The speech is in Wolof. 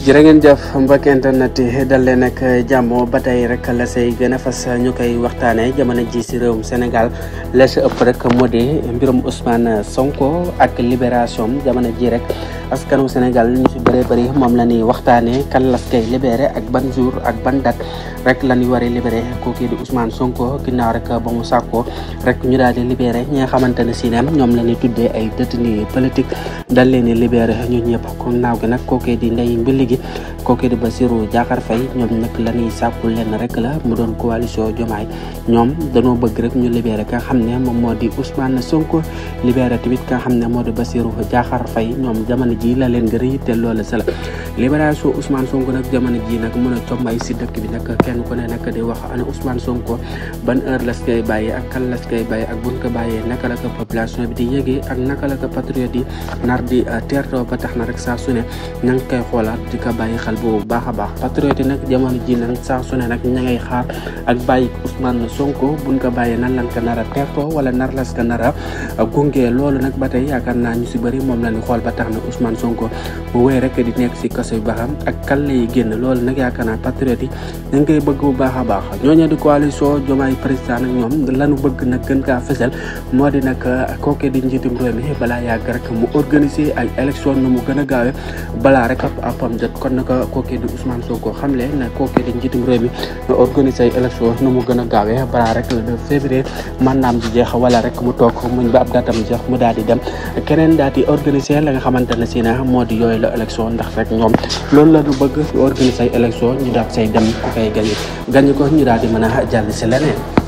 jërë ngeen jëf mbokk internet yi dal leen ak jàmm ba tey rek la say fas ñu koy waxtaanee jamono ji si réewum Sénégal la si ëpp rek moo di mbirum Ousmane Sonko ak libération jamono ji rek askanu Sénégal ñu si bëree bëri moom la ñuy waxtaanee kan las koy ak ban jour ak ban date rek la ñuy war a libéré kooku di Ousmane Sonko ginnaaw rek ba mu sàkkoo rek ñu daal di libéré ñi nga xamante ne si ñoom la ñuy tuddee ay détenus politiques dal leen libéré kon naaw gi nag kooku di Mbili gi ba di Bassirou Diakhar Faye ñoom nag la ñuy sàkku lenn rek la mu doon coalition Diomaye ñoom danoo bëgg rek ñu libéré ka xam ne moom moo di Ousmane Sonko libéré tamit ka xam ne moo di ba Bassirou Diakhar Faye ñoom jamono ji la leen gën te lool sa la libération Ousmane Sonko nag jamono ji nag mën a combay si dëkk bi nag kenn ku ne nag di wax ana Ousmane Sonko las koy bàyyee ak kan las koy bàyyee ak buñ ko bàyyee naka la ko population bi di yëgee ak naka la ko patriote yi nar di uh, teertoo ba na rek saa su ña ngi koy xoolaat di ko bàyyi xel boobu baax baax patriote yi nag jamono ji nag saa su ne nag ña ngay xaar ak bàyyi Ousmane Sonko buñ ko bàyyee nan lan ko nar a teertoo wala nar las ko nar a uh, gunge loolu nag ba tey yaakaar naa ñu si bëri moom la ñu xool ba tax na Ousmane Sonko bu wéy rek di nekk si kaso baham baaxam ak kan lay génn loolu nag yaakaar naa patriote yi dañ koy bëgg bu baax baax ñooñu di coalition jomaay président nag ñoom lanu bëgg nag gën kaa fësal moo di nag ah, kooke di njiitum réew mi balaa yàgg rek mu organiser ay élection nu mu gën a gaawee balaa rek ab apam jot kon nag ah, kooke di Ousmane Sonko xamle na kooke di njiitum réew mi organiser ay élection nu mu gën a gaawee rek le 2 février mandaam ji jeex wala rek mu toog muñ ba ab datam jeex mu daal di dem keneen daal di organiser la nga xamante ne na moo di yooyu la élection ndax rek ñoom boppam loolu la ñu bëgg ñu organiser ay élection ñu daal say dem ku koy gagné gagné ko ñu daal di mën a jàll si leneen.